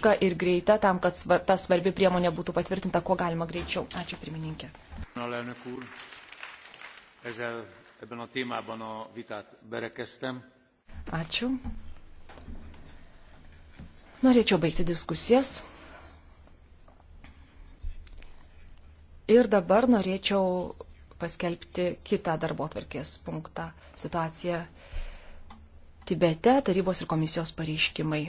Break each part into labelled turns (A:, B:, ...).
A: dinamiška ir greita tam, kad svar, ta svarbi priemonė būtų patvirtinta kuo galima greičiau. Ačiū pirmininkė. Ačiū. Norėčiau baigti diskusijas. Ir dabar norėčiau paskelbti kitą darbo tvarkės punktą - situaciją Tibete, tarybos ir komisijos pareiškimai.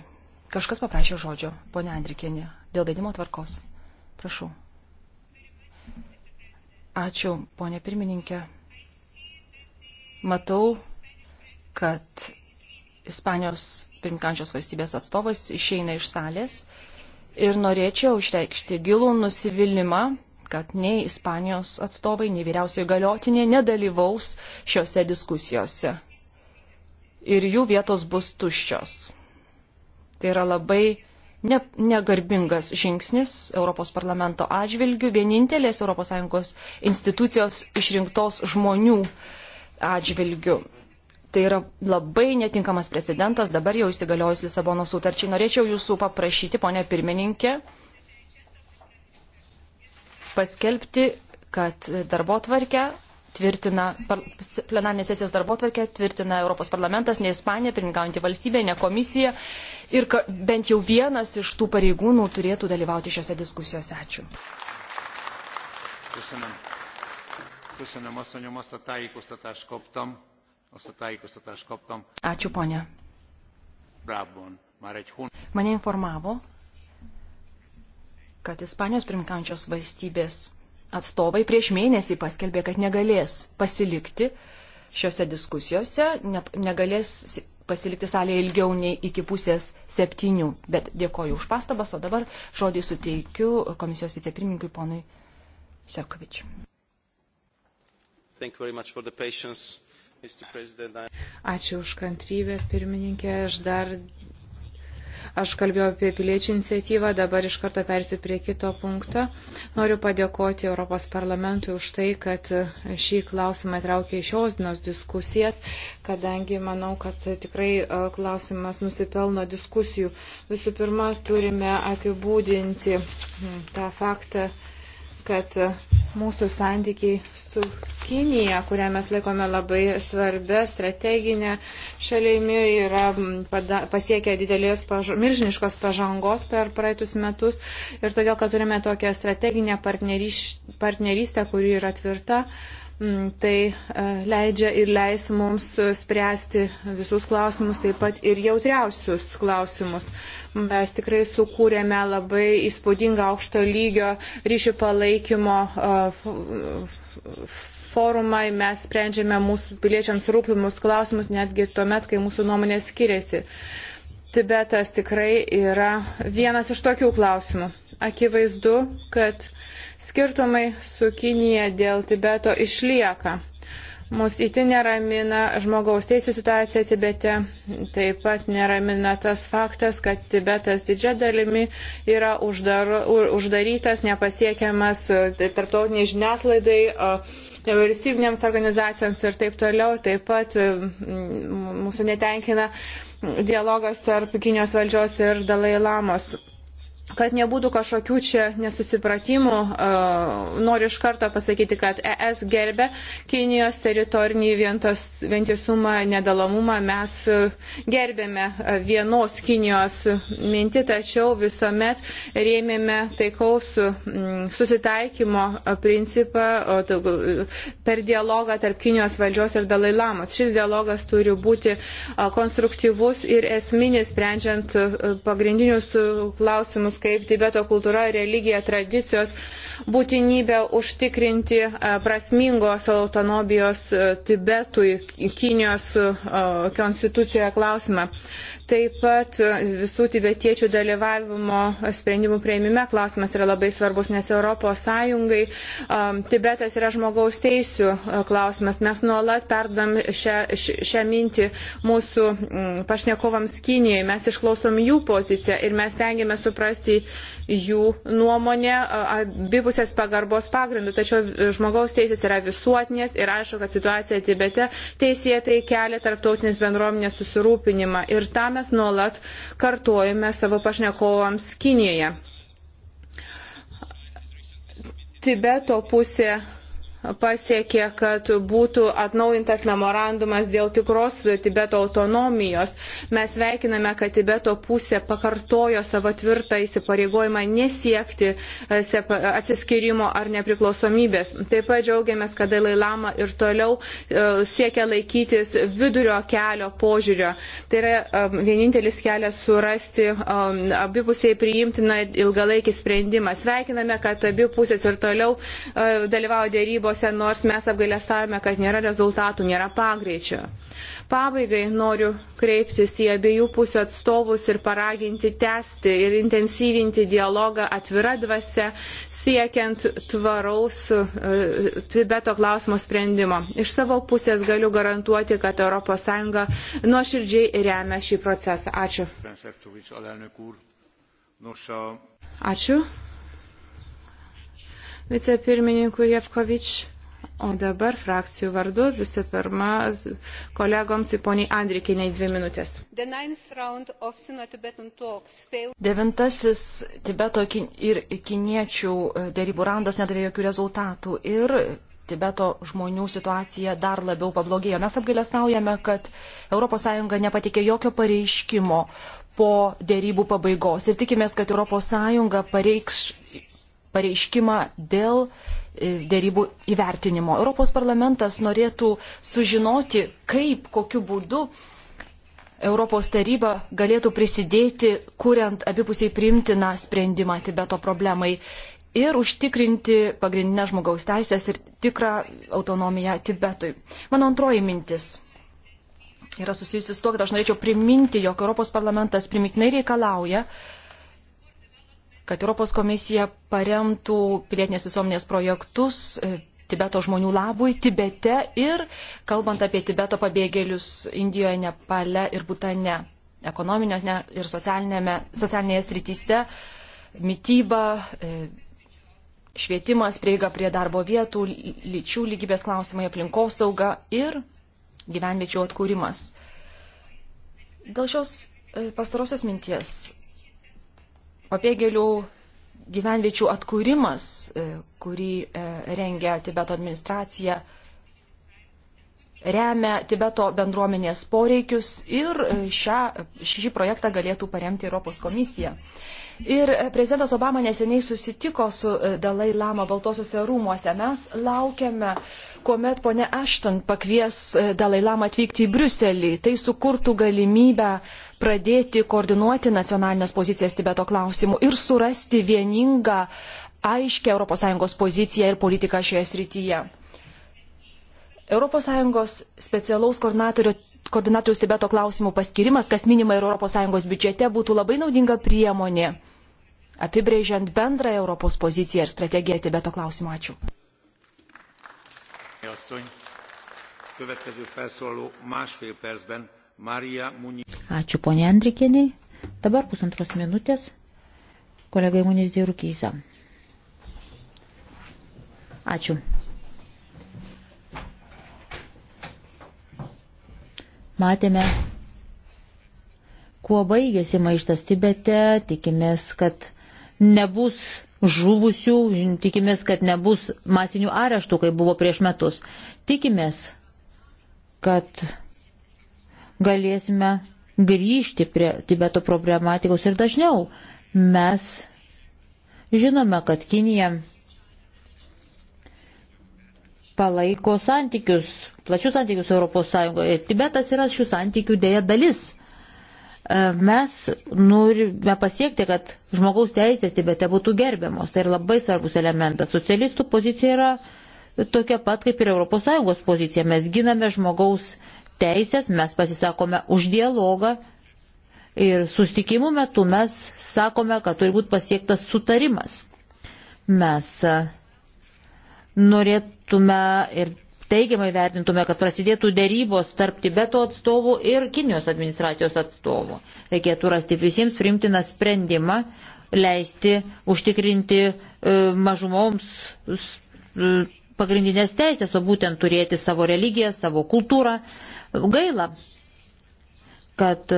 A: Kažkas paprašė žodžio, ponia Andrikienė, dėl vedimo tvarkos. Prašau. Ačiū, ponia pirmininkė. Matau, kad Ispanijos pirmkančios valstybės atstovas išeina iš salės ir norėčiau išreikšti gilų nusivylimą, kad nei Ispanijos atstovai, nei vyriausioji galiotinė nedalyvaus šiuose diskusijose. Ir jų vietos bus tuščios. Tai yra labai ne, negarbingas žingsnis Europos parlamento atžvilgių, vienintelės ES institucijos išrinktos žmonių atžvilgių. Tai yra labai netinkamas precedentas, dabar jau įsigaliojus Lisabono sutarčiai. Norėčiau jūsų paprašyti, ponė pirmininkė, paskelbti, kad darbo tvarkę tvirtina plenarinės sesijos darbotvarkę, tvirtina Europos parlamentas, ne Ispanija, pirmininkaujantį valstybę, ne komisija. Ir bent jau vienas iš tų pareigūnų turėtų dalyvauti šiuose diskusijose. Ačiū.
B: Köszönöm. Köszönöm, asszonyom, azt a tájékoztatást kaptam. Azt a tájékoztatást kaptam. Ačiū, ponia. Brabon. Már egy hon...
A: Mane informavo, kad Ispanijos pirmininkančios valstybės atstovai prieš mėnesį paskelbė, kad negalės pasilikti šiuose diskusijose, ne, negalės pasilikti salėje ilgiau nei iki pusės septynių. Bet dėkoju už pastabas, o dabar žodį suteikiu komisijos vicepirmininkui ponui Sekovičiu.
B: Ačiū už kantrybę, pirmininkė. Aš dar Aš kalbėjau apie piliečių iniciatyvą, dabar iš karto persiu prie kito punkto. Noriu padėkoti Europos parlamentui už tai, kad šį klausimą traukė iš šios dienos diskusijas, kadangi manau, kad tikrai e, klausimas nusipelno diskusijų. Visų pirma, turime apibūdinti tą faktą kad mūsų santykiai su Kinija, kurią mes laikome labai svarbę strateginę šalimi, yra pada, pasiekę didelės, paž milžiniškos pažangos per praeitus metus ir todėl, kad turime tokią strateginę partnerystę, kuri yra tvirta, Mm, tai e, leidžia ir leis mums e, spręsti visus klausimus, taip pat ir jautriausius klausimus. Mes tikrai sukūrėme labai įspūdingą aukšto lygio ryšių palaikymo e, forumą, mes sprendžiame mūsų piliečiams rūpimus klausimus netgi tuomet, kai mūsų nuomonės skiriasi. Tibetas tikrai yra vienas iš tokių klausimų akivaizdu, kad skirtumai su Kinija dėl Tibeto išlieka. Mūsų įti neramina žmogaus teisų situacija Tibete, taip pat neramina tas faktas, kad Tibetas didžia dalimi yra uždar, uždarytas, nepasiekiamas e, tai tarptautiniai žiniaslaidai, e, nevyriausybinėms organizacijoms ir taip toliau. Taip pat e, mūsų netenkina dialogas tarp Kinijos valdžios ir Dalai Lamos. Kad nebūtų kažkokių čia nesusipratimų, e, noriu iš karto pasakyti, kad ES gerbė Kinijos teritorinį vientos, vientisumą, nedalomumą. Mes e, gerbėme e, vienos Kinijos mintį, tačiau visuomet rėmėme taikaus susitaikymo principą per dialogą tarp Kinijos valdžios ir Dalai Lamos. Šis dialogas turi būti konstruktyvus ir esminis, sprendžiant pagrindinius klausimus kaip Tibeto kultūra, religija, tradicijos, būtinybę užtikrinti e, prasmingos autonomijos e, Tibetui Kinijos e, konstitucijoje klausimą. Taip pat visų tibetiečių dalyvavimo sprendimų prieimime klausimas yra labai svarbus, nes Europos Sąjungai um, Tibetas yra žmogaus teisų klausimas. Mes nuolat perdam šią, šią mintį mūsų mm, pašnekovams Kinijoje, mes išklausom jų poziciją ir mes tengiame suprasti remti jų nuomonę abipusės pagarbos pagrindų. Tačiau žmogaus teisės yra visuotinės ir aišku, kad situacija Tibete teisėtai kelia tarptautinės bendruomenės susirūpinimą. Ir tą mes nuolat kartuojame savo pašnekovams Kinijoje. Tibeto pusė pasiekė, kad būtų atnaujintas memorandumas dėl tikros Tibeto autonomijos. Mes veikiname, kad Tibeto pusė pakartojo savo tvirtą įsipareigojimą nesiekti e, atsiskirimo ar nepriklausomybės. Taip pat džiaugiamės, kad Dalai Lama ir toliau e, siekia laikytis vidurio kelio požiūrio. Tai yra e, vienintelis kelias surasti abipusiai priimtiną ilgalaikį sprendimą. Sveikiname, kad abi pusės ir toliau dalyvauja dėrybos dėrybose, nors mes apgailestavome, kad nėra rezultatų, nėra pagreičio. Pabaigai noriu kreiptis į abiejų pusių atstovus ir paraginti tęsti ir intensyvinti dialogą atvira dvasia, siekiant tvaraus uh, Tibeto klausimo sprendimo. Iš savo pusės galiu garantuoti, kad ES nuoširdžiai remia šį procesą. Ačiū. Ačiū vicepirmininkui Jevkovič. O dabar frakcijų vardu visų pirma kolegoms į poniai
A: Andrikiniai dvi minutės. Devintasis Tibeto ir kiniečių e, dėrybų raundas nedavė jokių rezultatų ir Tibeto žmonių situacija dar labiau pablogėjo. Mes apgailestaujame, kad ES nepatikė jokio pareiškimo po dėrybų pabaigos ir tikimės, kad ES pareiks pareiškimą dėl e, dėrybų įvertinimo. Europos parlamentas norėtų sužinoti, kaip, kokiu būdu Europos taryba galėtų prisidėti, kuriant abipusiai primtiną sprendimą Tibeto problemai ir užtikrinti pagrindinę žmogaus teisės ir tikrą autonomiją Tibetui. Mano antroji mintis yra susijusi su tuo, kad aš norėčiau priminti, jog Europos parlamentas primiknai reikalauja, kad Europos komisija paremtų pilietinės visuomenės projektus e, Tibeto žmonių labui Tibete ir kalbant apie Tibeto pabėgėlius Indijoje, Nepale ir Butane, ekonominėje ir socialinėje srityse, mytyba, e, švietimas, prieiga prie darbo vietų, lyčių lygybės klausimai, aplinkosauga ir gyvenviečių atkūrimas. Dėl šios e, pastarosios minties pabėgėlių gyvenviečių atkūrimas, e, kurį e, rengia Tibeto administracija, remia Tibeto bendruomenės poreikius ir e, šią, šį projektą galėtų paremti Europos komisija. Ir e, prezidentas Obama neseniai susitiko su e, Dalai Lama Baltosiuose rūmuose. Mes laukiame, kuomet ponė Ashton pakvies e, Dalai Lama atvykti į Briuselį. Tai sukurtų galimybę pradėti koordinuoti nacionalinės pozicijas Tibeto klausimų ir surasti vieningą, aiškę ES poziciją ir politiką šioje srityje. ES specialaus koordinatoriaus Tibeto klausimų paskirimas, kas minima ir ES biudžete, būtų labai naudinga priemonė apibrėžiant bendrą Europos poziciją ir strategiją Tibeto klausimu. Ačiū.
C: Ačiū ponė Andrikieniai. Dabar pusantros minutės kolegai Munis Dėrukysa. Ačiū. Matėme, kuo baigėsi maištas Tibete, tikimės, kad nebus žuvusių, tikimės, kad nebus masinių areštų, kaip buvo prieš metus. Tikimės, kad galėsime grįžti prie Tibeto problematikos ir dažniau. Mes žinome, kad Kinija palaiko santykius, plačius santykius Europos Sąjungoje. Tibetas yra šių santykių dėja dalis. E, mes norime pasiekti, kad žmogaus teisės Tibete būtų gerbiamos. Tai yra labai svarbus elementas. Socialistų pozicija yra tokia pat kaip ir ES pozicija. Mes giname žmogaus teisės, mes pasisakome už dialogą ir sustikimų metu mes sakome, kad turi būti pasiektas sutarimas. Mes norėtume ir teigiamai vertintume, kad prasidėtų dėrybos tarp Tibeto atstovų ir Kinijos administracijos atstovų. Reikėtų rasti visiems primtiną sprendimą, leisti užtikrinti e, mažumoms e, pagrindinės teisės, o būtent turėti savo religiją, savo kultūrą. Gaila, kad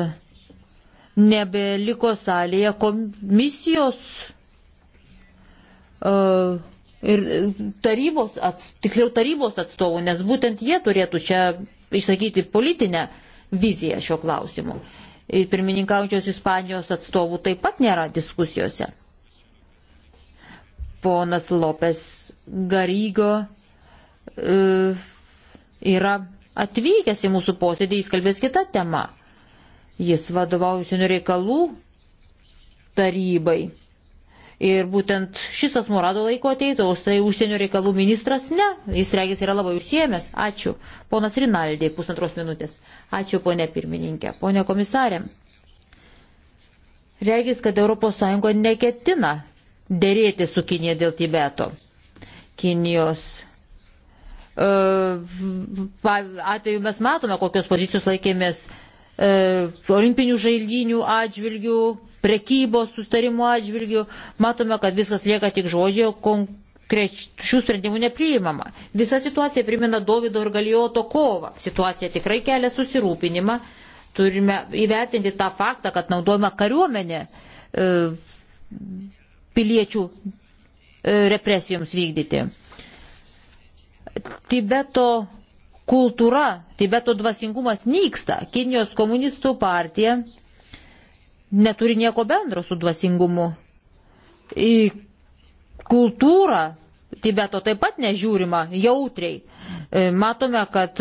C: nebeliko salėje komisijos uh, ir tarybos, ats, tiksliau tarybos atstovų, nes būtent jie turėtų čia išsakyti politinę viziją šio klausimu. Ir pirmininkaujančios Ispanijos atstovų taip pat nėra diskusijose. Ponas Lopes Garygo e, yra atvykęs į mūsų posėdį, jis kalbės kitą temą. Jis vadovauja užsienio reikalų tarybai. Ir būtent šis asmo rado laiko ateiti, o štai užsienio reikalų ministras ne, jis regis yra labai užsiemęs. Ačiū. Ponas Rinaldė, pusantros minutės. Ačiū, ponė pirmininkė. Pone komisarė. Regis, kad ES neketina dėrėti su Kinė dėl Tibeto. Kinijos e, atveju mes matome, kokios pozicijos laikėmės E, olimpinių žaidynių atžvilgių, prekybos sustarimų atžvilgių, matome, kad viskas lieka tik žodžio, konkrečių sprendimų nepriimama. Visa situacija primena Davido ir Galijoto kovą. Situacija tikrai kelia susirūpinimą. Turime įvertinti tą faktą, kad naudojama kariuomenė e, piliečių e, represijoms vykdyti. Tibeto kultūra, Tibeto dvasingumas nyksta. Kinijos komunistų partija neturi nieko bendro su dvasingumu. Į kultūrą Tibeto taip pat nežiūrima jautriai. E, matome, kad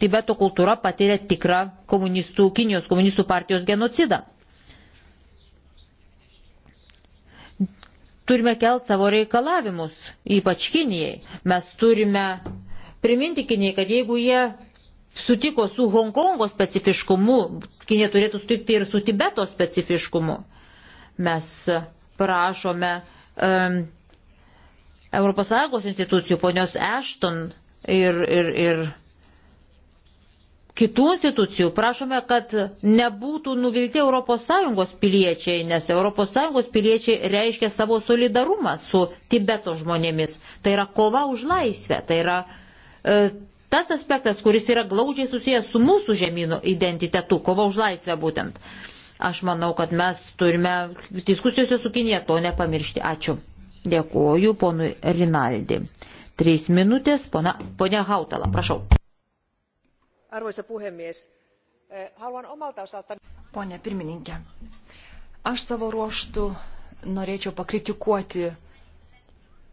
C: Tibeto kultūra patyrė tikrą komunistų, Kinijos komunistų partijos genocidą. Turime kelt savo reikalavimus, ypač Kinijai. Mes turime priminti Kinijai, kad jeigu jie sutiko su Hongkongo specifiškumu, Kinė turėtų sutikti ir su Tibeto specifiškumu. Mes prašome um, ES institucijų, ponios Ashton ir, ir, ir kitų institucijų, prašome, kad nebūtų nuvilti ES piliečiai, nes ES piliečiai reiškia savo solidarumą su Tibeto žmonėmis. Tai yra kova už laisvę, tai yra uh, E, tas aspektas, kuris yra glaudžiai susijęs su mūsų žemynų identitetu, kova už laisvę būtent. Aš manau, kad mes turime diskusijose su Kinė to nepamiršti. Ačiū. Dėkuoju ponui Rinaldi. Trys minutės, pona, ponia Hautala, prašau.
A: Arvoisa puhemies, e, haluan omalta osaltani. Pone pirmininkė, aš savo ruoštų norėčiau pakritikuoti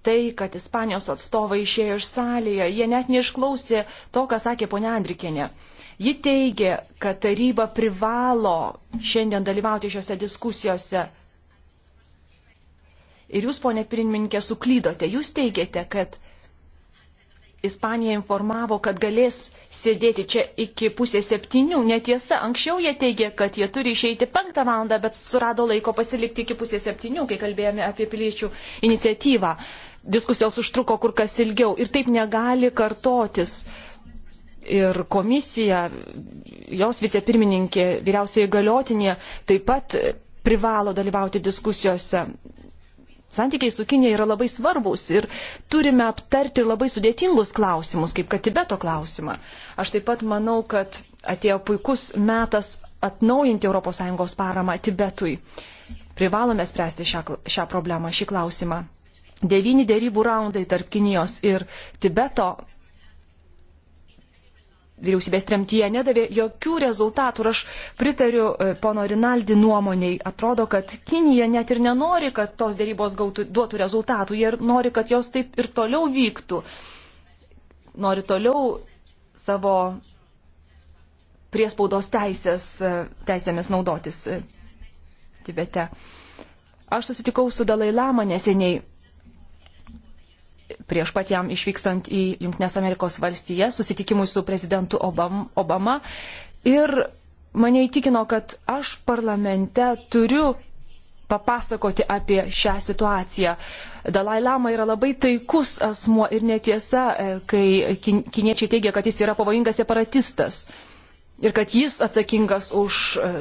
A: tai, kad Ispanijos atstovai išėjo iš salėje, jie net neišklausė to, ką sakė ponia Andrikinė. Ji teigia, kad taryba privalo šiandien dalyvauti šiuose diskusijose. Ir jūs, ponė pirmininkė, suklydote. Jūs teigiate, kad Ispanija informavo, kad galės sėdėti čia iki pusės septynių. Netiesa, anksčiau jie teigė, kad jie turi išeiti penktą valandą, bet surado laiko pasilikti iki pusės septynių, kai kalbėjome apie piliečių iniciatyvą diskusijos užtruko kur kas ilgiau ir taip negali kartotis. Ir komisija, jos vicepirmininkė, vyriausiai galiotinė taip pat privalo dalyvauti diskusijose. Santykiai su Kinė yra labai svarbus ir turime aptarti labai sudėtingus klausimus, kaip kad Tibeto klausimą. Aš taip pat manau, kad atėjo puikus metas atnaujinti ES paramą Tibetui. Privalome spręsti šią, šią problemą, šį klausimą devyni dėrybų raundai tarp Kinijos ir Tibeto vyriausybės tremtyje nedavė jokių rezultatų. Ir aš pritariu e, pono Rinaldi nuomoniai. Atrodo, kad Kinija net ir nenori, kad tos dėrybos gautų, duotų rezultatų. Jie nori, kad jos taip ir toliau vyktų. Nori toliau savo priespaudos teisės, e, teisėmis naudotis e, Tibete. Aš susitikau su Dalai Lama neseniai prieš pat jam išvykstant į Junktinės Amerikos valstiją, susitikimui su prezidentu Obama. Ir mane įtikino, kad aš parlamente turiu papasakoti apie šią situaciją. Dalai Lama yra labai taikus asmuo ir netiesa, e, kai kiniečiai teigia, kad jis yra pavojingas separatistas ir kad jis atsakingas už e,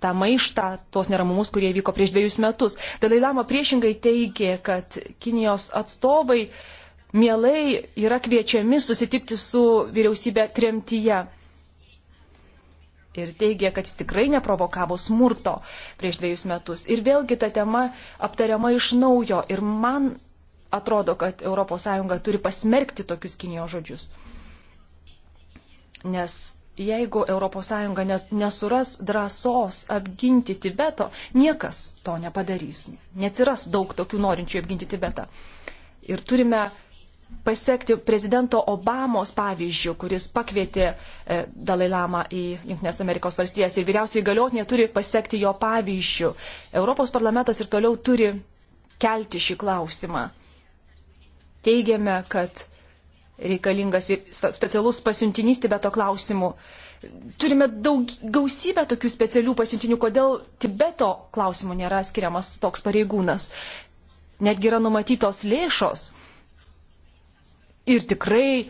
A: tą maištą, tuos neramumus, kurie vyko prieš dviejus metus. Dalai Lama priešingai teigė, kad Kinijos atstovai mielai yra kviečiami susitikti su vyriausybė tremtyje. Ir teigė, kad jis tikrai neprovokavo smurto prieš dviejus metus. Ir vėlgi ta tema aptariama iš naujo. Ir man atrodo, kad ES turi pasmerkti tokius Kinijos žodžius. Nes jeigu ES net nesuras drąsos apginti Tibeto, niekas to nepadarys. Neatsiras daug tokių norinčių apginti Tibetą. Ir turime pasiekti prezidento Obamos pavyzdžių, kuris pakvietė e, Dalai Lama į Junktinės Amerikos valstijas ir vyriausiai galiotinė turi pasiekti jo pavyzdžių. Europos parlamentas ir toliau turi kelti šį klausimą. Teigiame, kad reikalingas specialus pasiuntinys Tibeto klausimų. Turime daug, gausybę tokių specialių pasiuntinių, kodėl Tibeto klausimų nėra skiriamas toks pareigūnas. Netgi yra numatytos lėšos. Ir tikrai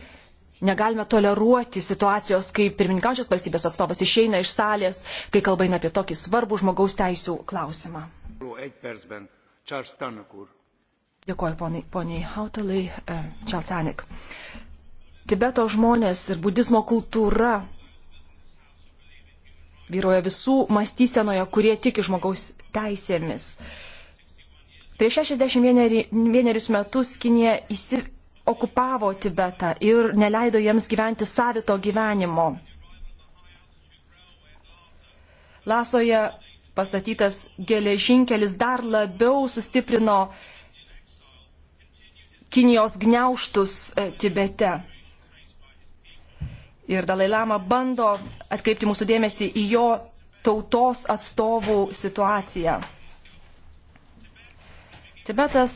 A: negalime toleruoti situacijos, kai pirmininkaujančios valstybės atstovas išeina iš salės, kai kalba eina apie tokį svarbų žmogaus teisų klausimą.
B: Charles Tanakur.
A: Dėkoju poniai, poniai Hautalai Čelsanik. Tibeto žmonės ir budizmo kultūra vyroja visų mąstysenoje, kurie tiki žmogaus teisėmis. Prieš 61 metus Kinija įsiokupavo Tibetą ir neleido jiems gyventi savito gyvenimo. Lasoje pastatytas geležinkelis dar labiau sustiprino Kinijos gneuštus e, Tibete. Ir Dalai Lama bando atkreipti mūsų dėmesį į jo tautos atstovų situaciją. Tibetas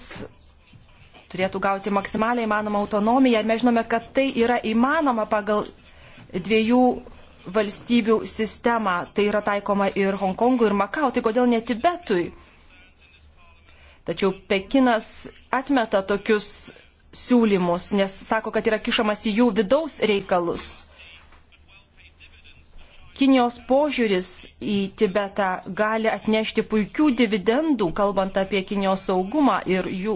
A: turėtų gauti maksimaliai įmanomą autonomiją ir mes žinome, kad tai yra įmanoma pagal dviejų valstybių sistemą. Tai yra taikoma ir Hongkongui, ir Makau. Tai kodėl ne Tibetui? Tačiau Pekinas atmeta tokius siūlymus, nes sako, kad yra kišamas į jų vidaus reikalus. Kinijos požiūris į Tibetą gali atnešti puikių dividendų, kalbant apie Kinijos saugumą ir jų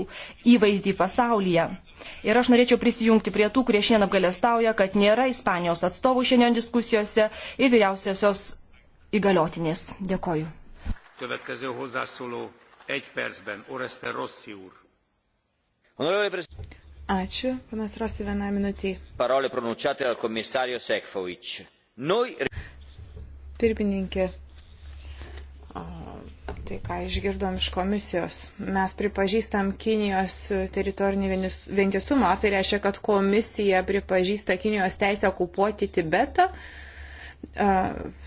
A: įvaizdį pasaulyje. Ir aš norėčiau prisijungti prie tų, kurie šiandien apgalėstauja, kad nėra Ispanijos atstovų šiandien diskusijose ir vyriausiosios įgaliotinės. Dėkoju.
B: Egy percben, Oreste Rossi úr. Ačiū, panas Rossi, vieną minutį.
C: Parolė pronunciata dal komisario Sekfovič. Noi...
B: Pirmininkė, tai ką išgirdom iš komisijos. Mes pripažįstam Kinijos teritorinį vientisumą, ar tai reiškia, kad komisija pripažįsta Kinijos teisę okupuoti Tibetą? Uh,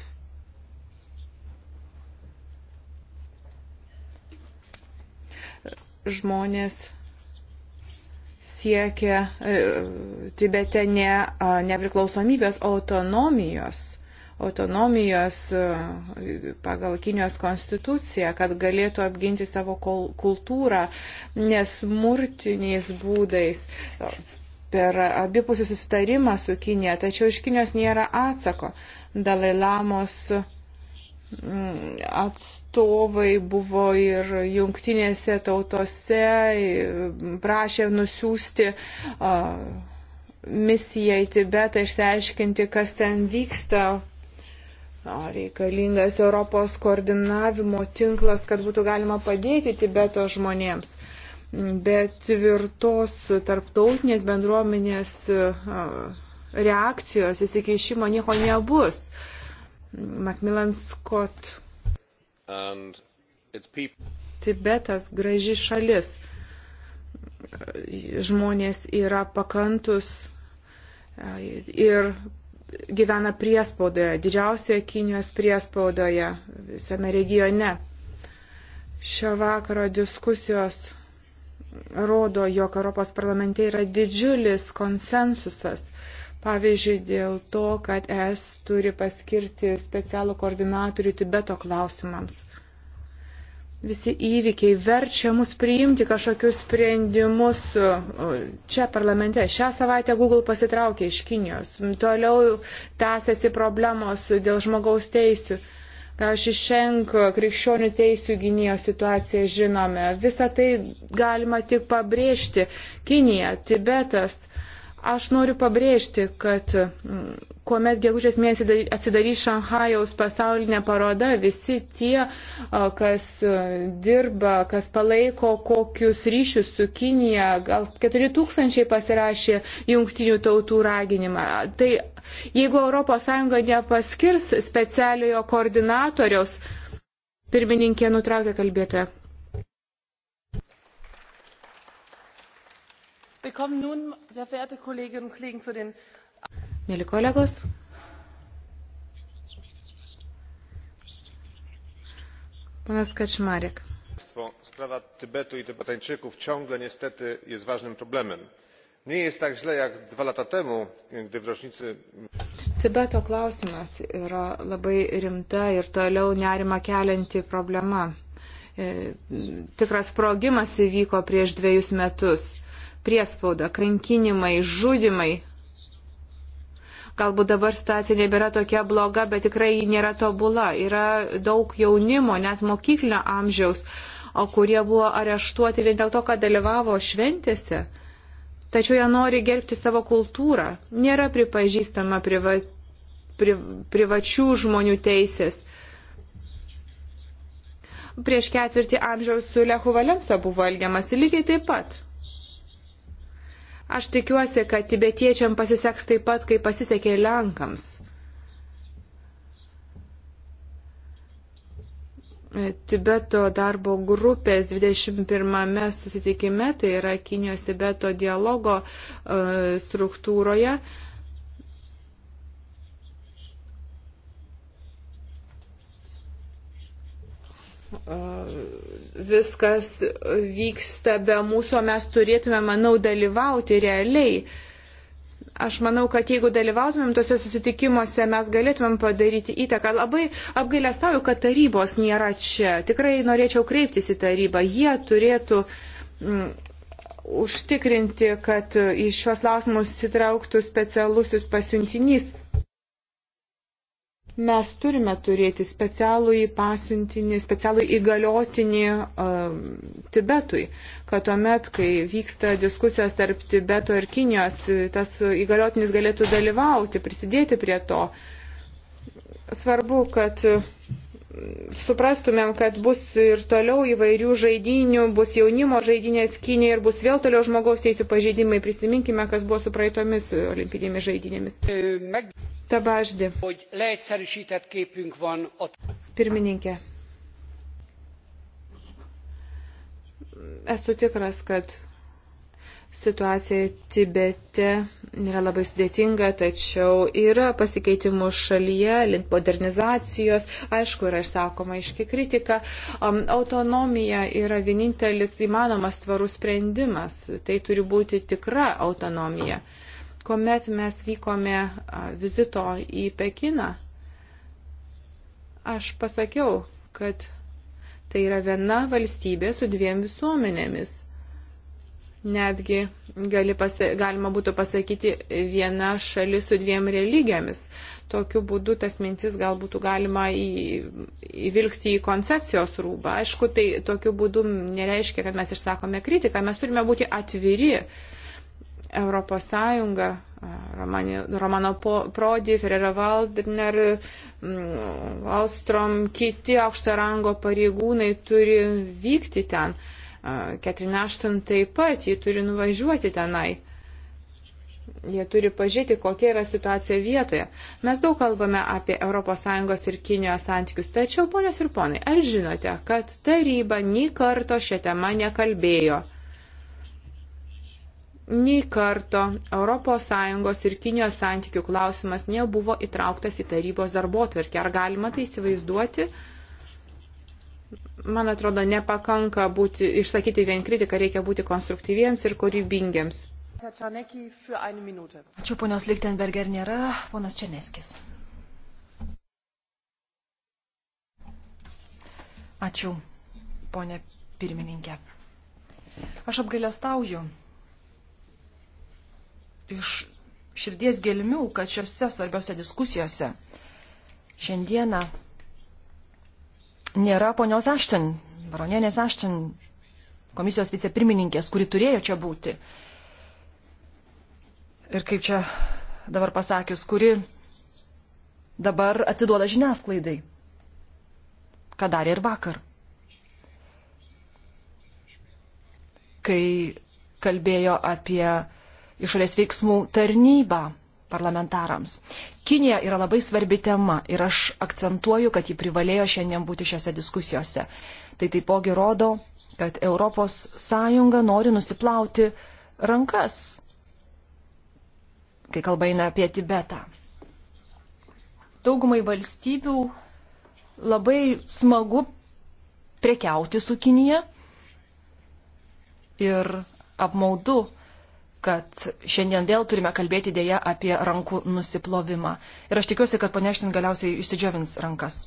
B: žmonės siekia e, Tibete ne nepriklausomybės, o autonomijos autonomijos e, pagal Kinijos konstituciją, kad galėtų apginti savo kultūrą nesmurtiniais būdais e, per abipusį susitarimą su Kinija, tačiau iš Kinijos nėra atsako. Dalai Lamos uh, atstovai buvo ir jungtinėse tautose, prašė nusiųsti misiją į Tibetą, išsiaiškinti, kas ten vyksta, reikalingas Europos koordinavimo tinklas, kad būtų galima padėti Tibeto žmonėms. Bet tvirtos tarptautinės bendruomenės reakcijos įsikeišimo nieko nebus. Uh, Macmillan Scott. Tibetas graži šalis. Žmonės yra pakantus e, ir gyvena priespaudoje, didžiausioje Kinijos priespaudoje visame regione. Šio vakaro diskusijos rodo, jog Europos parlamente yra didžiulis konsensusas – Pavyzdžiui, dėl to, kad ES turi paskirti specialų koordinatorių Tibeto klausimams. Visi įvykiai verčia mus priimti kažkokius sprendimus. Čia parlamente šią savaitę Google pasitraukė iš Kinijos. Toliau tęsiasi problemos dėl žmogaus teisių. Šišenk krikščionių teisų gynėjo situaciją žinome. Visą tai galima tik pabrėžti. Kinija, Tibetas Aš noriu pabrėžti, kad mm, kuomet gegužės mėnesį atsidarys Šanhajaus pasaulinė paroda, visi tie, kas dirba, kas palaiko kokius ryšius su Kinija, gal 4000 pasirašė jungtinių tautų raginimą. Tai jeigu ES nepaskirs specialiojo koordinatoriaus, pirmininkė nutraukė kalbėtoją. Mėly kolegos, panas Kaczmarek. Sprawa Tybetu i Tybetańczyków ciągle niestety jest ważnym problemem. Nie jest tak źle jak dwa lata temu,
C: gdy w rocznicy.
B: Tibeto klausimas yra labai rimta ir toliau nerima kelianti problema e, tikras sprogimas įvyko prieš dviejus metus priespauda, kankinimai, žudimai. Galbūt dabar situacija nebėra tokia bloga, bet tikrai ji nėra tobula. Yra daug jaunimo, net mokyklinio amžiaus, kurie buvo areštuoti vien dėl to, kad dalyvavo šventėse. Tačiau jie nori gerbti savo kultūrą. Nėra pripažįstama priva, pri, privačių žmonių teisės prieš ketvirtį amžiaus su Lechu Valemsa buvo elgiamasi lygiai taip pat. Aš tikiuosi, kad tibetiečiam pasiseks taip pat, kaip pasisekė Lenkams. Tibeto darbo grupės 21 susitikime, tai yra Kinijos Tibeto dialogo e, struktūroje, viskas vyksta be mūsų, o mes turėtume, manau, dalyvauti realiai. Aš manau, kad jeigu dalyvautumėm tose susitikimuose, mes galėtumėm padaryti įtaką. Labai apgailestauju, kad tarybos nėra čia. Tikrai norėčiau kreiptis į tarybą. Jie turėtų mm, užtikrinti, kad į šios lausimus įtrauktų specialusis pasiuntinys Mes turime turėti specialų įpasiuntinį, specialų įgaliotinį uh, Tibetui, kad tuomet, kai vyksta diskusijos tarp Tibeto ir Kinijos, tas įgaliotinis galėtų dalyvauti, prisidėti prie to. Svarbu, kad uh, suprastumėm, kad bus ir toliau įvairių žaidinių, bus jaunimo žaidinės Kinėje ir bus vėl toliau žmogaus teisų pažeidimai. Prisiminkime, kas buvo su praeitomis olimpinėmis žaidinėmis. Tabaždi. Pirmininkė. Esu tikras, kad situacija Tibete yra labai sudėtinga, tačiau yra pasikeitimų šalyje link modernizacijos, aišku, yra išsakoma aiški kritika. Autonomija yra vienintelis įmanomas tvarus sprendimas, tai turi būti tikra autonomija. Komet mes vykome vizito į Pekiną, aš pasakiau, kad tai yra viena valstybė su dviem visuomenėmis netgi gali pasa galima būtų pasakyti viena šalis su dviem religijomis. Tokiu būdu tas mintis gal būtų galima į, įvilgti į koncepcijos rūbą. Aišku, tai tokiu būdu nereiškia, kad mes išsakome kritiką, mes turime būti atviri. Europos Sąjunga, Romani, Romano Prodi, Ferrero Waldner, mm, Alstrom, kiti aukštarango pareigūnai turi vykti ten. Uh, Ketrina Ašton taip pat, jie turi nuvažiuoti tenai. Jie turi pažiūrėti, kokia yra situacija vietoje. Mes daug kalbame apie ES ir Kinijos santykius, tačiau, ponios ir ponai, ar žinote, kad taryba nei karto šią temą nekalbėjo? Nei karto ES ir Kinijos santykių klausimas nebuvo įtrauktas į tarybos darbo tvarkę. Ar galima tai įsivaizduoti? Uh, man atrodo, nepakanka būti, išsakyti vien kritiką, reikia būti konstruktyviems ir kūrybingiams. Ačiū
A: ponios Lichtenberger nėra, ponas Čeneskis. Ačiū, ponė pirmininkė. Aš apgailestauju iš širdies gelmių, kad šiuose svarbiose diskusijose šiandieną nėra ponios Ašten, baronienės Ašten, komisijos vicepirmininkės, kuri turėjo čia būti. Ir kaip čia dabar pasakius, kuri dabar atsiduoda žiniasklaidai, ką darė ir vakar. Kai kalbėjo apie išorės veiksmų tarnybą parlamentarams. Kinija yra labai svarbi tema ir aš akcentuoju, kad ji privalėjo šiandien būti šiose diskusijose. Tai taipogi rodo, kad ES nori nusiplauti rankas, kai kalba eina apie Tibetą. Daugumai valstybių labai smagu prekiauti su Kinija ir apmaudu kad šiandien vėl turime kalbėti dėja apie rankų nusiplovimą. Ir aš tikiuosi, kad paneštin galiausiai išsidžiovins rankas.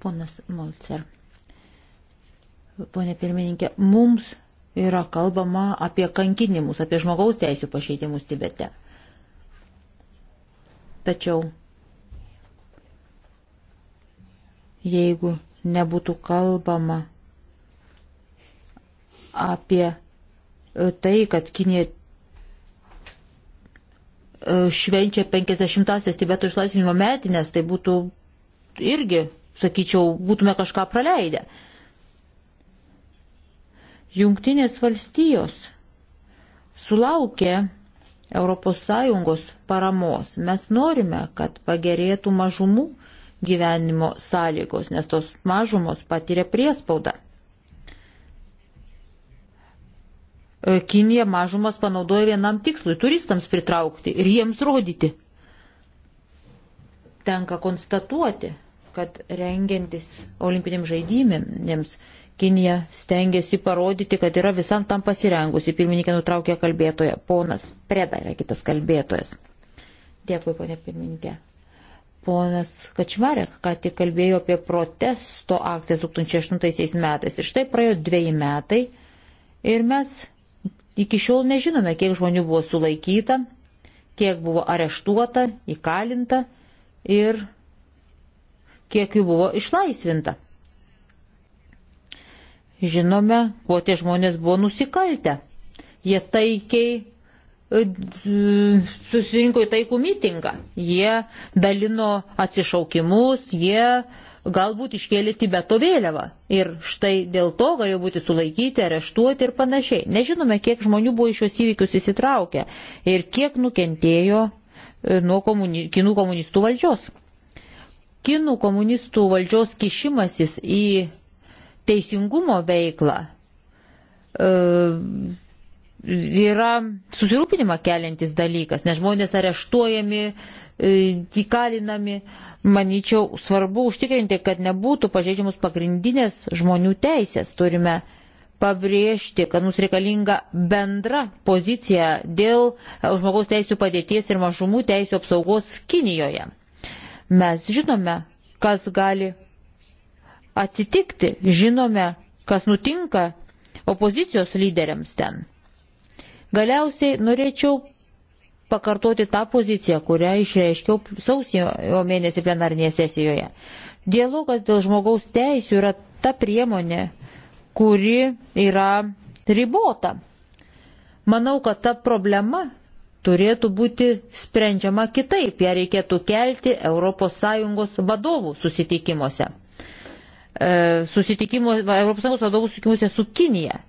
A: Ponas Molcer. Pone pirmininkė, mums
C: yra kalbama apie kankinimus, apie žmogaus teisų pažeidimus Tibete. Tačiau jeigu nebūtų kalbama apie E, tai, kad Kinė e, švenčia 50-asias Tibeto išlaisvinimo metinės, tai būtų irgi, sakyčiau, būtume kažką praleidę. Jungtinės valstijos sulaukė ES paramos. Mes norime, kad pagerėtų mažumų gyvenimo sąlygos, nes tos mažumos patiria priespaudą. E, Kinija mažumas panaudoja vienam tikslui - turistams pritraukti ir jiems rodyti. Tenka konstatuoti, kad rengiantis olimpinėms žaidymėms Kinija stengiasi parodyti, kad yra visam tam pasirengusi. Pirmininkė nutraukė kalbėtoją. Ponas Preda yra kitas kalbėtojas. Dėkui, ponė pirmininkė. Ponas Kačmarek, ką tik kalbėjo apie protesto akcijas 2008 metais. Ir štai praėjo dviejai metai. Ir mes Iki šiol nežinome, kiek žmonių buvo sulaikyta, kiek buvo areštuota, įkalinta ir kiek jų buvo išlaisvinta. Žinome, kuo tie žmonės buvo nusikaltę. Jie taikiai e, susirinko į taikų mitingą. Jie dalino atsišaukimus, jie galbūt iškėlė Tibeto vėliavą ir štai dėl to galėjo būti sulaikyti, areštuoti ir panašiai. Nežinome, kiek žmonių buvo iš šios įvykius įsitraukę ir kiek nukentėjo e, nuo komuni kinų komunistų valdžios. Kinų komunistų valdžios kišimasis į teisingumo veiklą e, yra susirūpinimą keliantis dalykas, nes žmonės areštuojami, e, įkalinami. Manyčiau, svarbu užtikrinti, kad nebūtų pažeidžiamus pagrindinės žmonių teisės. Turime pabrėžti, kad mums reikalinga bendra pozicija dėl žmogaus teisų padėties ir mažumų teisų apsaugos Kinijoje. Mes žinome, kas gali atsitikti, žinome, kas nutinka opozicijos lyderiams ten. Galiausiai norėčiau pakartoti tą poziciją, kurią išreiškiau sausio mėnesį plenarnėje sesijoje. Dialogas dėl žmogaus teisų yra ta priemonė, kuri yra ribota. Manau, kad ta problema turėtų būti sprendžiama kitaip, ją reikėtų kelti ES vadovų susitikimuose. E, susitikimo, ES vadovų susitikimuose su Kinija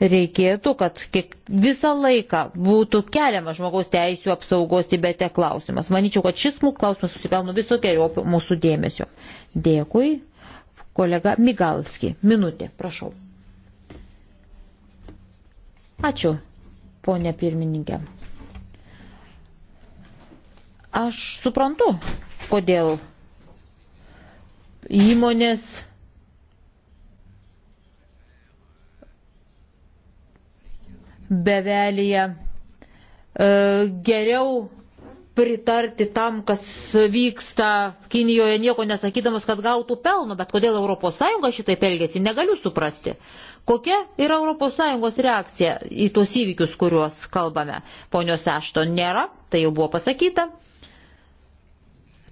C: reikėtų, kad kiek, visą laiką būtų keliamas žmogaus teisų apsaugos Tibete klausimas. Maničiau, kad šis klausimas susipelno visokiojo mūsų dėmesio. Dėkui. Kolega Migalski. Minutė, prašau. Ačiū, ponė pirmininkė. Aš suprantu, kodėl įmonės bevelyje e, geriau pritarti tam, kas vyksta Kinijoje, nieko nesakydamas, kad gautų pelno, bet kodėl ES šitai pelgėsi, negaliu suprasti. Kokia yra ES reakcija į tuos įvykius, kuriuos kalbame? Ponios Ešto nėra, tai jau buvo pasakyta.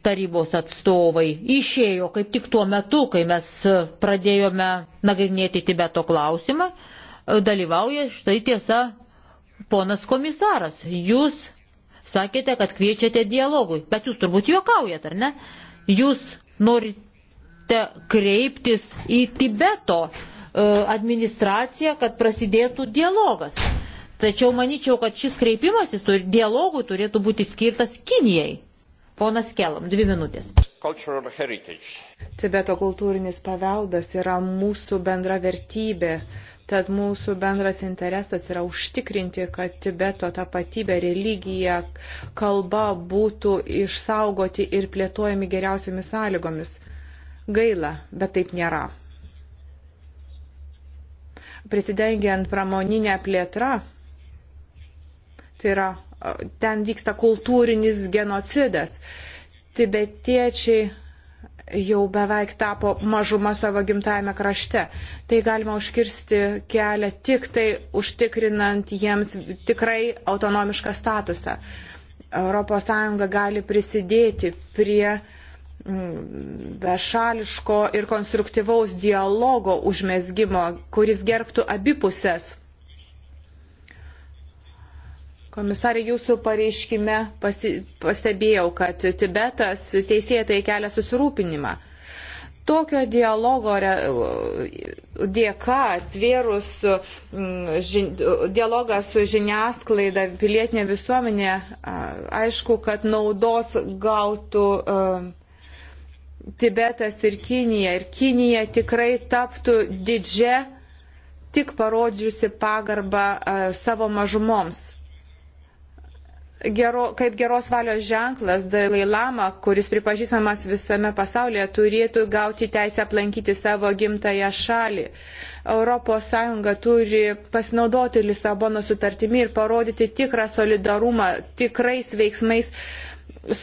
C: Tarybos atstovai išėjo kaip tik tuo metu, kai mes pradėjome nagrinėti Tibeto klausimą. Uh, dalyvauja, štai tiesa, ponas komisaras. Jūs sakėte, kad kviečiate dialogui, bet jūs turbūt juokaujat, ar ne? Jūs norite kreiptis į Tibeto e, administraciją, kad prasidėtų dialogas. Tačiau manyčiau, kad šis kreipimasis dialogų turėtų būti skirtas Kinijai. Ponas Kelam, dvi minutės. Tibeto
B: kultūrinis paveldas yra mūsų bendra vertybė. Tad mūsų bendras interesas yra užtikrinti, kad Tibeto tapatybė, religija, kalba būtų išsaugoti ir plėtojami geriausiamis sąlygomis. Gaila, bet taip nėra. Prisidengiant pramoninę plėtrą, tai yra, ten vyksta kultūrinis genocidas. Tibetiečiai jau beveik tapo mažuma savo gimtajame krašte. Tai galima užkirsti kelią tik tai užtikrinant jiems tikrai autonomišką statusą. ES gali prisidėti prie mm, bešališko ir konstruktyvaus dialogo užmesgymo, kuris gerbtų abipusės Komisarė, jūsų pareiškime pasi, pastebėjau, kad Tibetas teisėtai kelia susirūpinimą. Tokio dialogo re, dėka atvėrus mm, žin, dialogą su žiniasklaida, pilietinė visuomenė, aišku, kad naudos gautų Tibetas ir Kinija. Ir Kinija tikrai taptų didžia, tik parodžiusi pagarbą savo mažumoms gero, kaip geros valios ženklas Dalai Lama, kuris pripažįstamas visame pasaulyje, turėtų gauti teisę aplankyti savo gimtają šalį. ES turi pasinaudoti Lisabono sutartimi ir parodyti tikrą solidarumą, tikrais veiksmais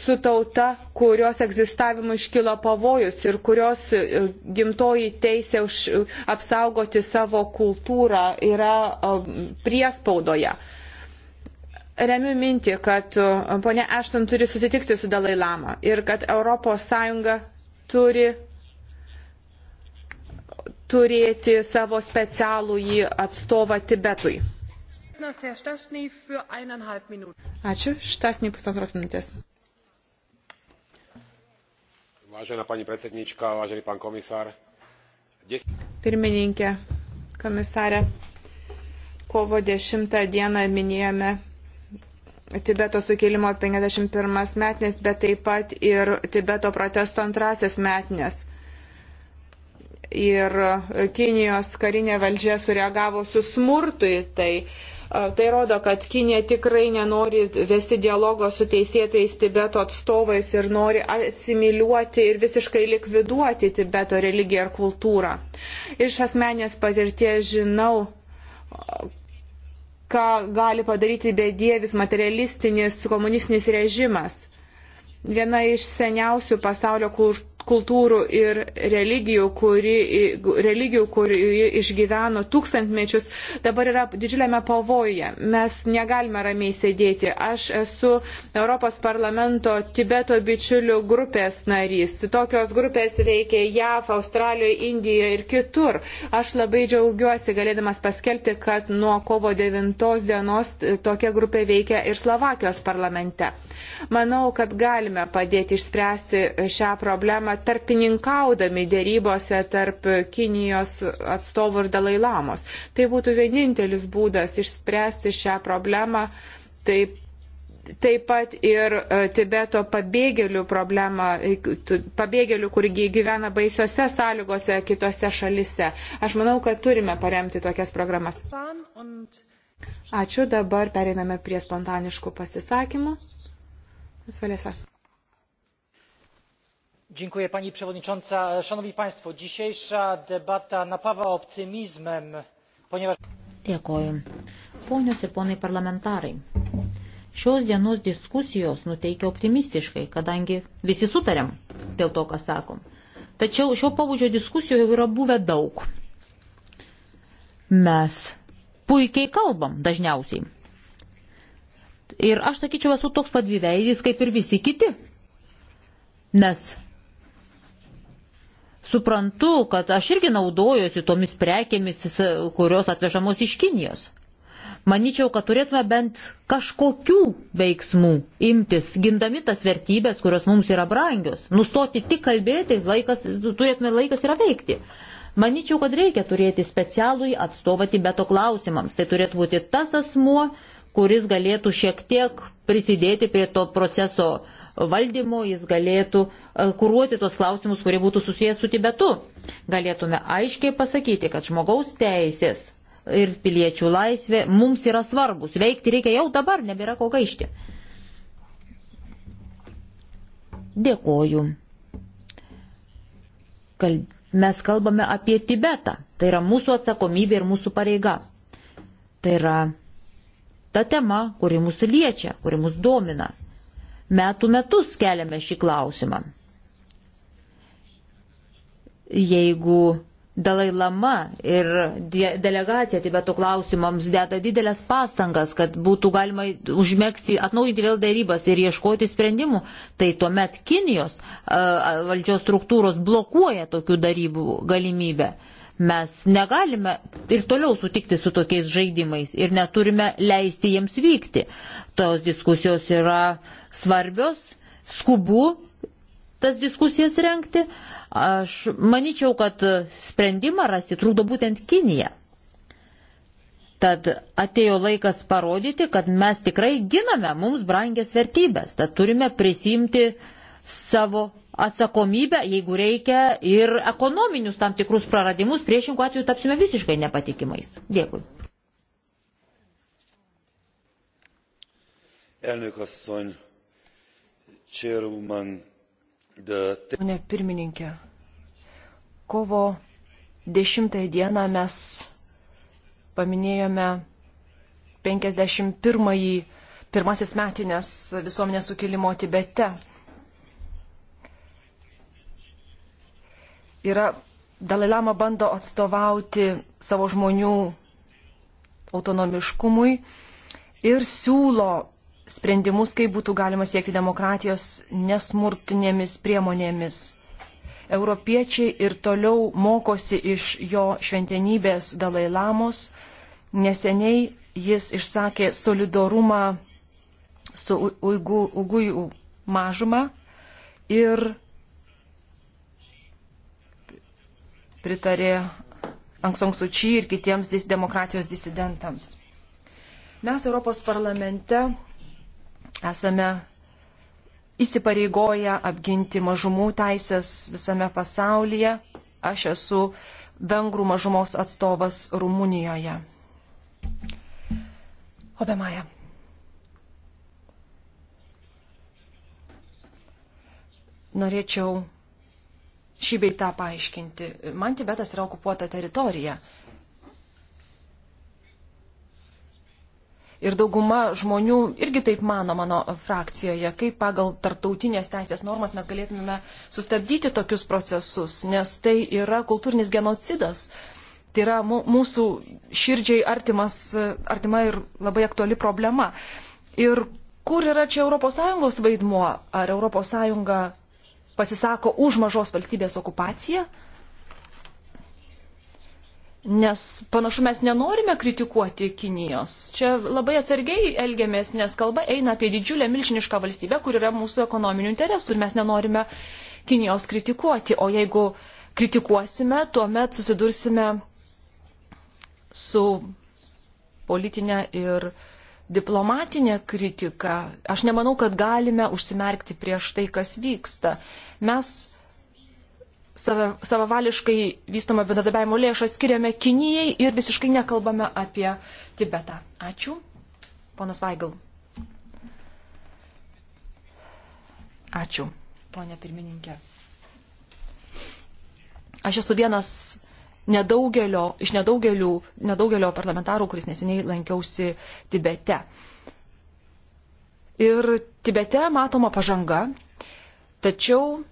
B: su tauta, kurios egzistavimu iškilo pavojus ir kurios e, gimtoji teisė už, e, apsaugoti savo kultūrą yra e, priespaudoje. Um, remiu mintį, kad uh, ponia Ešton turi susitikti su Dalai Lama ir kad ES turi turėti savo specialų į atstovą Tibetui. Ačiū. Štasny pusantros minutės.
A: Vážená pani predsednička, vážený pán komisár. Des...
B: Pirmininkė, komisarė, kovo 10 dieną minėjome Tibeto sukėlimo 51 metinės, bet taip pat ir Tibeto protesto antrasis metinės. Ir e, Kinijos karinė valdžia sureagavo su smurtu į tai. E, tai rodo, kad Kinė tikrai nenori vesti dialogo su teisėtais Tibeto atstovais ir nori asimiliuoti ir visiškai likviduoti Tibeto religiją ir kultūrą. Iš asmenės patirties žinau, ką gali padaryti bedievis materialistinis komunistinis režimas. Viena iš seniausių pasaulio kultūrų kultūrų ir religijų, kuri, religijų, kuri išgyveno tūkstantmečius, dabar yra didžiuliame pavoje. Mes negalime ramiai sėdėti. Aš esu Europos parlamento Tibeto bičiulių grupės narys. Tokios grupės veikia JAV, Australijoje, Indijoje ir kitur. Aš labai džiaugiuosi galėdamas paskelbti, kad nuo kovo 9 dienos tokia grupė veikia ir Slovakijos parlamente. Manau, kad galime padėti išspręsti šią problemą tarpininkaudami dėrybose tarp Kinijos atstovų ir Dalai Lamos. Tai būtų vienintelis būdas išspręsti šią problemą. Taip taip pat ir e, Tibeto pabėgėlių problemą, e, pabėgėlių, kur gyvena baisiose sąlygose kitose šalise. Aš manau, kad turime paremti tokias programas. Ačiū, dabar pereiname prie spontaniškų pasisakymų. Svalėsa
C: pani przewodnicząca! dzisiejsza debata napawa optimizmem ponieważ. dėkoju. ponios ir ponai parlamentarai šios dienos diskusijos nuteikia optimistiškai kadangi visi sutarėm dėl to ką sakom. tačiau šio pobūdžio diskusijų jau yra buvę daug. mes puikiai kalbam dažniausiai. Ir aš sakyčiau, esu toks pat dviveidys kaip ir visi kiti. Nes suprantu, kad aš irgi naudojuosi tomis prekėmis, kurios atvežamos iš Kinijos. Maničiau, kad turėtume bent kažkokių veiksmų imtis, gindami tas vertybės, kurios mums yra brangios. Nustoti tik kalbėti, laikas, turėtume laikas yra veikti. Maničiau, kad reikia turėti specialųjį atstovą Tibeto klausimams. Tai turėtų būti tas asmuo, kuris galėtų šiek tiek prisidėti prie to proceso uh, valdymu, jis galėtų e, kūruoti tos klausimus, kurie būtų susijęs su Tibetu. Galėtume aiškiai pasakyti, kad žmogaus teisės ir piliečių laisvė mums yra svarbus. Veikti reikia jau dabar, nebėra ko gaišti. Dėkoju. Kal... Mes kalbame apie Tibetą. Tai yra mūsų atsakomybė ir mūsų pareiga. Tai yra ta tema, kuri mūsų liečia, kuri mūsų domina metų metus keliame šį klausimą. Jeigu Dalai Lama ir delegacija Tibeto klausimams deda didelės pastangas, kad būtų galima užmėgsti, atnaujinti vėl darybas ir ieškoti sprendimų, tai tuomet Kinijos valdžios struktūros blokuoja tokių darybų galimybę. Mes negalime ir toliau sutikti su tokiais žaidimais ir neturime leisti jiems vykti. Tos diskusijos yra svarbios, skubu tas diskusijas renkti. Aš manyčiau, kad sprendimą rasti trūkdo būtent Kinija. Tad atėjo laikas parodyti, kad mes tikrai giname mums brangės vertybės, tad turime prisimti savo atsakomybę, jeigu reikia, ir ekonominius tam tikrus praradimus, priešingų atveju tapsime visiškai nepatikimais. Dėkui.
B: Elnök asszony, Chairwoman, the...
A: Pone pirmininkė, kovo 10 dieną mes paminėjome 51-ąjį pirmasis metinės visuomenės sukilimo Tibete. yra Dalilama bando atstovauti savo žmonių autonomiškumui ir siūlo sprendimus, kaip būtų galima siekti demokratijos nesmurtinėmis priemonėmis. Europiečiai ir toliau mokosi iš jo šventenybės Dalailamos. Neseniai jis išsakė solidarumą su Uigų mažuma ir pritarė Anksong Suči ir kitiems dis demokratijos disidentams. Mes Europos parlamente esame įsipareigoję apginti mažumų teisės visame pasaulyje. Aš esu vengrų mažumos atstovas Rumunijoje. Obemaja. Norėčiau šį beitą paaiškinti. Man Tibetas yra okupuota teritorija. Ir dauguma žmonių irgi taip mano mano frakcijoje, kaip pagal tarptautinės teisės normas mes galėtume sustabdyti tokius procesus, nes tai yra kultūrinis genocidas. Tai yra mūsų širdžiai artimas, artima ir labai aktuali problema. Ir kur yra čia ES vaidmuo? Ar ES pasisako už mažos valstybės okupaciją, nes panašu mes nenorime kritikuoti Kinijos. Čia labai atsargiai elgiamės, nes kalba eina apie didžiulę milžinišką valstybę, kur yra mūsų ekonominių interesų ir mes nenorime Kinijos kritikuoti. O jeigu kritikuosime, tuomet susidursime su politinė ir diplomatinė kritika. Aš nemanau, kad galime užsimerkti prieš tai, kas vyksta. Mes savavališkai vystomą bendradarbiavimo lėšą skiriame Kinijai ir visiškai nekalbame apie Tibetą. Ačiū. Ponas Vaigal. Ačiū, ponė pirmininkė. Aš esu vienas nedaugelio, iš nedaugelio, nedaugelio parlamentarų, kuris neseniai lankiausi Tibete. Ir Tibete matoma pažanga, Tačiau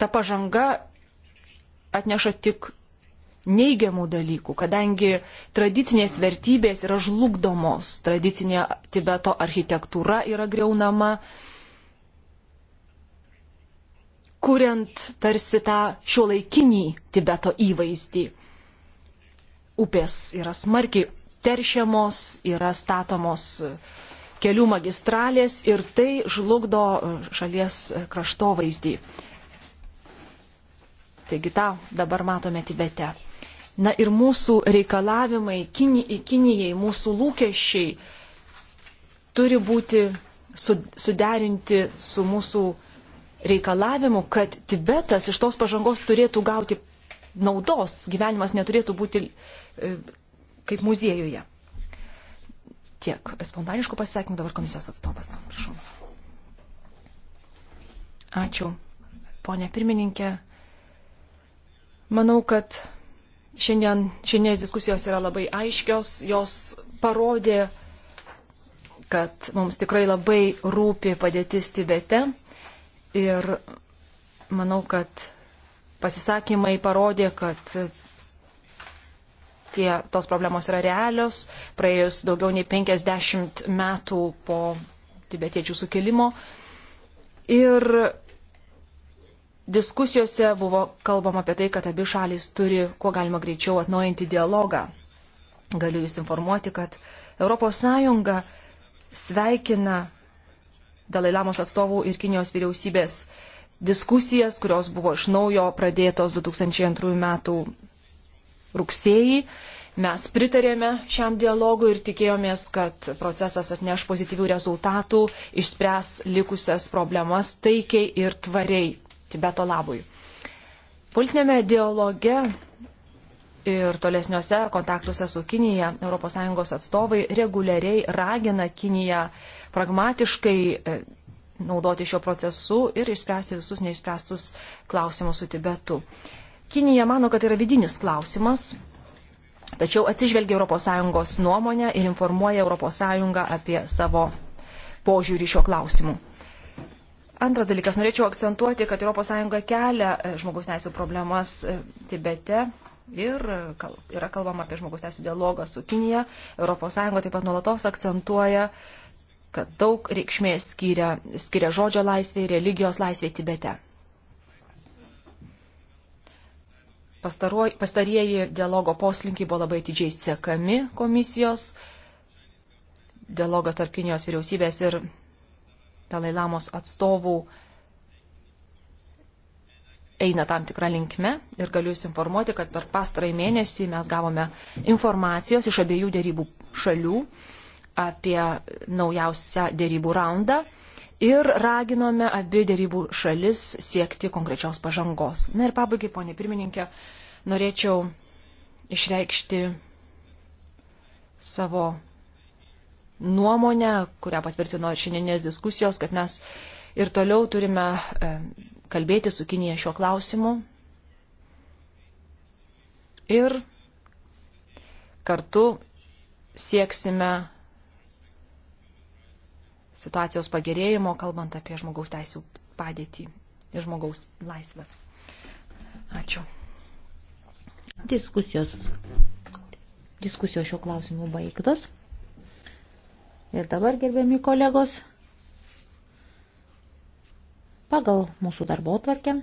A: ta pažanga atneša tik neigiamų dalykų, kadangi tradicinės vertybės yra žlugdomos, tradicinė Tibeto architektūra yra greunama, kuriant tarsi tą šiuolaikinį Tibeto įvaizdį. Upės yra smarkiai teršiamos, yra statomos uh, kelių magistralės ir tai žlugdo šalies kraštovaizdį. Taigi tą dabar matome Tibete. Na ir mūsų reikalavimai kini, Kinijai, mūsų lūkesčiai turi būti suderinti su mūsų reikalavimu, kad Tibetas iš tos pažangos turėtų gauti naudos, gyvenimas neturėtų būti e, kaip muziejuje. Tiek spontaniškų pasisakymų dabar komisijos atstovas. Prašau. Ačiū, ponė pirmininkė. Manau, kad šiandien, šiandienės diskusijos yra labai aiškios. Jos parodė, kad mums tikrai labai rūpi padėtis Tibete. Ir manau, kad pasisakymai parodė, kad tie, tos problemos yra realios. Praėjus daugiau nei 50 metų po tibetiečių sukilimo. Ir diskusijose buvo kalbama apie tai, kad abi šalis turi kuo galima greičiau atnaujinti dialogą. Galiu Jūs informuoti, kad ES sveikina Dalai Lamos atstovų ir Kinijos vyriausybės diskusijas, kurios buvo iš naujo pradėtos 2002 metų rugsėjį. Mes pritarėme šiam dialogui ir tikėjomės, kad procesas atneš pozityvių rezultatų, išspręs likusias problemas taikiai ir tvariai Tibeto labui. Politinėme dialoge ir tolesniuose kontaktuose su Kinija ES atstovai reguliariai ragina Kiniją pragmatiškai e, naudoti šio procesu ir išspręsti visus neišspręstus klausimus su Tibetu. Kinija mano, kad tai yra vidinis klausimas, tačiau atsižvelgia ES nuomonę ir informuoja ES apie savo požiūrį šio klausimu. Antras dalykas, norėčiau akcentuoti, kad ES kelia e, žmogaus teisų problemas e, Tibete ir e, kal, yra kalbama apie žmogaus teisų dialogą su Kinija. ES taip pat nuolatos akcentuoja, kad daug reikšmės skiria, skiria žodžio laisvė ir religijos laisvė Tibete. Pastarieji dialogo poslinkiai buvo labai atidžiai sekami komisijos. Dialogas tarp Kinijos vyriausybės ir Dalai Lamos atstovų eina tam tikrą linkmę ir galiu Jūs informuoti, kad per pastarąjį mėnesį mes gavome informacijos iš abiejų dėrybų šalių apie naujausią dėrybų raundą ir raginome abi dėrybų šalis siekti konkrečios pažangos. Na ir pabaigai, ponė pirmininkė, norėčiau išreikšti savo nuomonę, kurią patvirtino šiandienės diskusijos, kad mes ir toliau turime e, kalbėti su Kinija šiuo klausimu ir kartu sieksime situacijos pagerėjimo, kalbant apie žmogaus teisų padėtį ir žmogaus laisvės. Ačiū.
C: Diskusijos. Diskusijos šio klausimu baigtos. Ir dabar, gerbiami kolegos, pagal mūsų darbo tvarkę